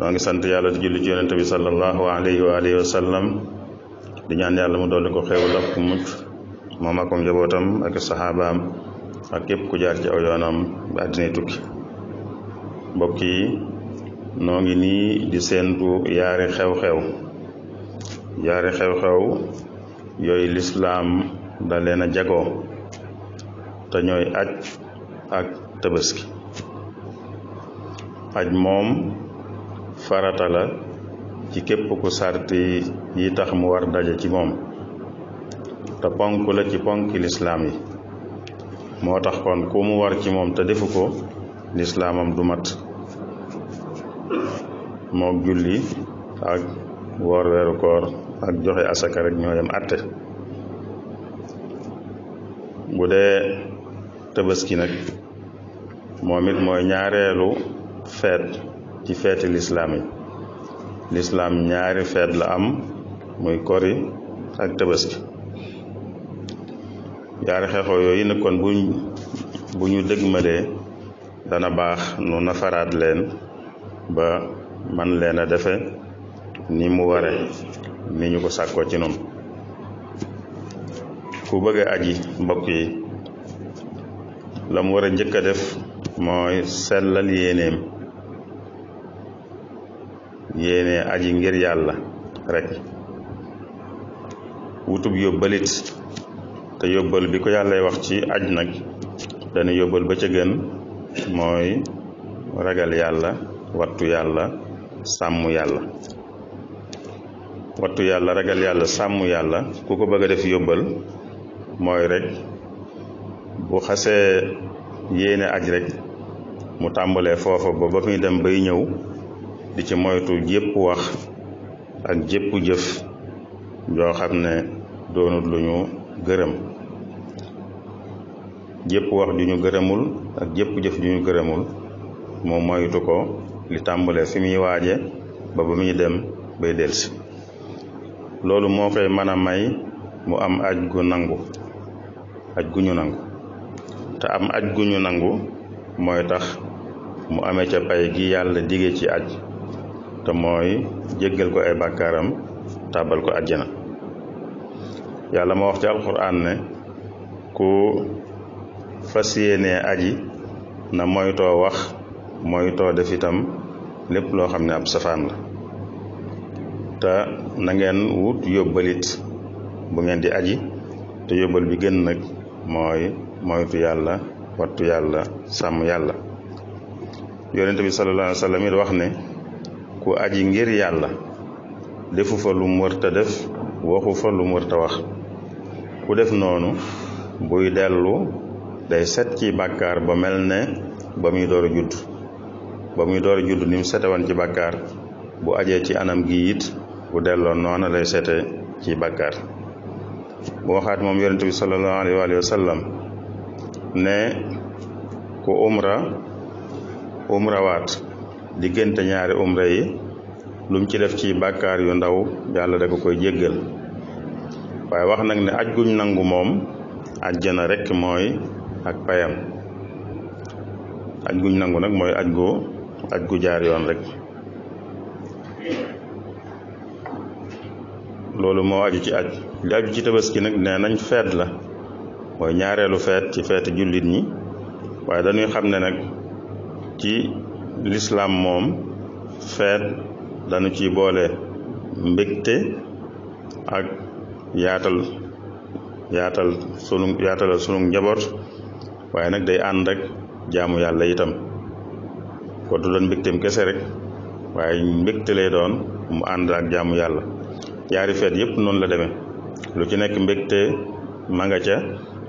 noo ngi sant yàlla di julli ci yonente bi alayhi wa alihi wa sallam di ñaan yàlla mu dolli ko xéewal ak ku mucc moom ak am ak saxaabaam ak képp ku jaar ci aw yoonam ba àddina tukki mbokk yi noo ngi nii di seentu yaari xew-xew yaari xew-xew yooyu lislaam da leen a jagoo te ñooy aj ak tabaski aj moom farata la ci képp ku sarti yi tax mu war daje ci moom te ponk la ci ponki lislaam yi moo tax kon ku mu war ci moom te defu ko lislaamam du mat moog julli ak woor weeru koor ak joxe asaka rek atte tabaski nag mooy ñaareelu ci feeti lislaam yi lislaam ñaari feet la am muy kori ak tëbëski ñaari xexoo yooyu ne kon buñ bu ñu dëgmalee dana baax nu nafaraat leen ba man leen a defe ni mu ware ni ñu ko sàkkoo ci noonu ku bëgg a aji mbokk yi la mu war a njëkk a def mooy sellal yéeneem yene aji ngir yalla rek wutub yobbalit te yobbal bi ko yalla wax ci aj nak dana yobbal ba ca gën mooy ragal yalla wattu yalla sàmm yalla wattu yalla ragal yalla sàmm yalla ku ko bëgg a def yóbbal mooy rek bu xasee yéene aj rek mu tàmbalee foofa ba ba muy dem bay ñëw di ci moytu jépp wax ak jépp jëf joo xam ne doonut lu ñu gërëm jépp wax ju ñu gërëmul ak jépp jëf ju ñu gërëmul moom moytu ko li tàmbalee fi muy waaje ba ba muy dem bay del si loolu moo koy mën a may mu am aj gu nangu aj gu ñu nangu te am aj gu ñu nangu mooy tax mu amee ca pay gi yàlla dige ci aj te mooy jéggal ko ay bàkkaaram tàbbal ko àjjana yàlla ma wax ci alquran ne ku fas yéenee aji na moytoo wax moytoo def itam lépp loo xam ne ab safaan la te na ngeen wut yóbbalit bu ngeen di aji te yóbbal bi gën nag mooy moytu yàlla wattu yàlla sàmm yàlla yonente bi sallallahu alayhi wa sallam it wax ne ku aji ngir yàlla defu fa lu mërta def waxu fa lu mërta wax ku def noonu buy dellu day set ci bàkkaar ba mel ne ba muy door judd ba muy door judd ni mu setewan ci bàkkaar bu ajee ci anam gi it bu delloon noona lay sete ci bàkkaar bu waxaat moom yonente bi salallahu alayhi waalihi wa sallam ne ku umra umrawaat waat diggante ñaari umra yi lu ci def ci bàkkaar yu ndaw yàlla da ko koy jéggal waaye wax nag ne aj guñ nangu moom ajjana rekk mooy ak payam aj guñ nangu nag mooy aj gu aj gu jaar yoon rek loolu moo aju ci aj li aju ci tabaski nag nee nañ feet la mooy ñaareelu feet ci feeti jullit ñi waaye dañuy xam ne nag ci lislaam moom feet dañu ci boole mbëgte ak yaatal yaatal sunu yaatalal sunu njaboot waaye nag day ànd ak yàlla itam ko du doon kese rek waaye mbégte lay doon mu ànd ak jaamu yàlla yaari feet yëpp noonu la deme lu ci nekk mbëgte ma nga ca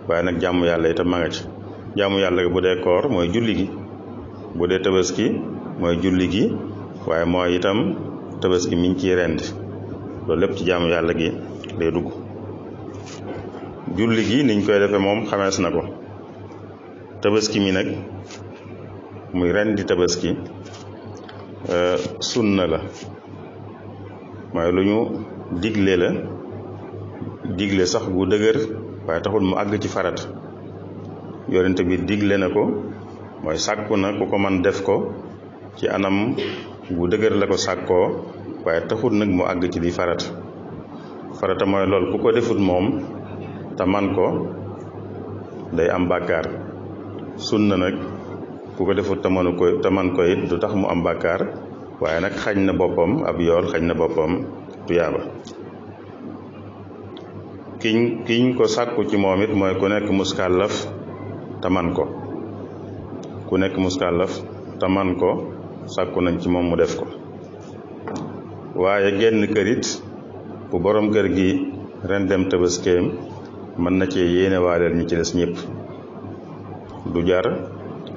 waaye nag jaamu yàlla itam ma nga ca jaamu yàlla bu dee koor mooy julli gi bu dee tabaski mooy julli gi waaye mooy itam tabaski miñ ciy rend loolu lépp ci jaamu yàlla gi day dugg julli gi niñ koy defee moom xamees na ko tabaski mi nag muy rendi tabaski sunna la mooy lu ñu digle la digle sax gu dëgër waaye taxul mu àgg ci farat yonent bi digle na ko mooy sàkku na ku ko man def ko ci anam bu dëgër la ko sàkkoo waaye taxut nag mu àgg ci di farata farata mooy lool ku ko defut moom te man ko day am sun na nag ku ko defut te mënu ko te man ko it du tax mu am bàkkaar waaye nag xañ na boppam ab yool xañ na boppam tuyaaba kiñ kiñ ko sàkku ci moom it mooy ku nekk muskàllaf te man ko ku nekk muskàllaf te man ko sàkku nañ ci moom mu def ko waaye genn kërit bu boroom kër gi ren dem tëbaskeem mën na cee yéene waaleel ñi ci des du jar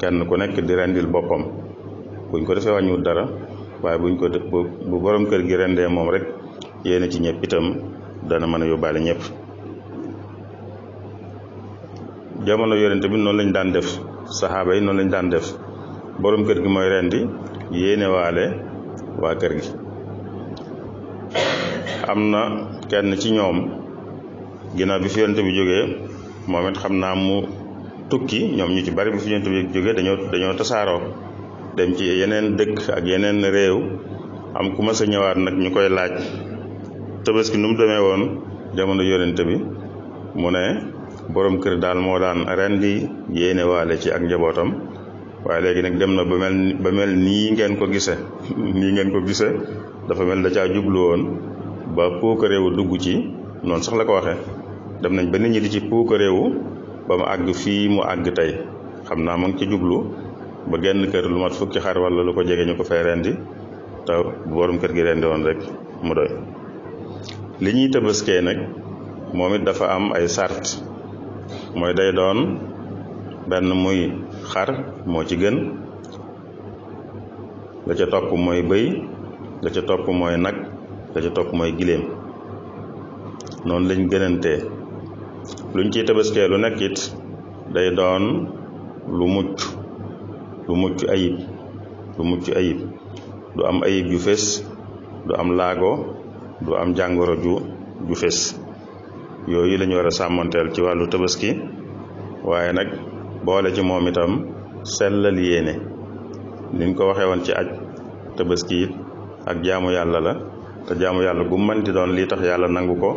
kenn ku nekk di rendil boppam buñ ko defee wàññiwut dara waaye buñ ko def bu boroom kër gi rendee moom rek yéene ci ñëpp itam dana mën a yóbbaale ñëpp jamono yorente bi noonu lañu daan def sahaaba yi noonu lañ daan def borom kër gi mooy rendi yéene waale waa kër gi am na kenn ci ñoom ginnaaw bi fi yonte bi jógee moom it xam naa mu tukki ñoom ñu ci bari bi fi yonte bi jógee dañoo dañoo tasaaroo dem ci yeneen dëkk ak yeneen réew am ku ma sa ñëwaat nag ñu koy laaj tëbës gi nu mu demee woon jamono yonente bi mu ne borom kër daal moo daan ren di yéene waale ci ak njabootam waaye léegi nag dem na ba mel ba mel nii ngeen ko gise nii ngeen ko gise dafa mel da caa jublu woon ba puukareewu dugg ci noonu sax la ko waxee dem nañ ba ñi di ci puukareewu ba mu àgg fii mu àgg tey xam naa mu ngi ci jublu ba genn kër lu mat fukki xar walla lu ko jege ñu ko fay rendi te borom kër gi rendi woon rek mu doy li ñuy tëbëskee nag moom it dafa am ay sart mooy day doon benn muy xar moo ci gën la ca topp mooy bëy la ca topp mooy nag la ca topp mooy giléem noonu lañ gënantee luñ ciy tabaskee lu nekk it day doon lu mucc lu mucc ayib lu mucc ayib du am ayib ju fés du am laago du am jàngoro ju ju yooyu la ñu war a sàmmanteel ci wàllu tëbaski waaye nag boole ci moom itam sellal yéene ni ñu ko waxee woon ci aj tëbaski it ak jaamu yàlla la te jaamu yàlla gu man di doon lii tax yàlla nangu ko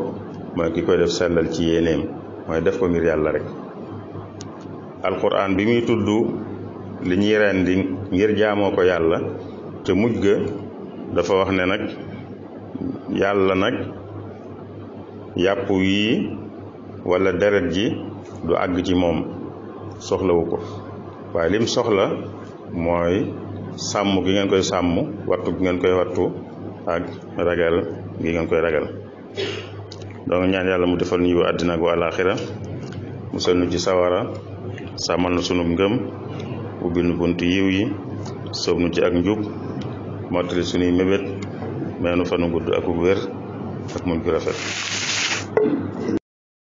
mooy ki koy def sellal ci yéeneem mooy def ko ngir yàlla rek alquran bi muy tudd li ñuy rendi ngir jaamoo ko yàlla te mujj ga dafa wax ne nag yàlla nag yàpp yi walla deret ji du àgg ci moom soxlawu ko waaye lim soxla mooy sàmm gi ngeen koy sàmm wattu gi ngeen koy wattu ak ragal gi ngeen koy ragal donc ñaan yàlla mu defal ñu yiw àddina ak àllaaxira mu nu ci sawara sàmmal na sunu ngëm ubbi nu bunt yiw yi soob nu ci ak njub mottali sunuy mébét meenu fanu gudd ak wér ak muñ gu rafet え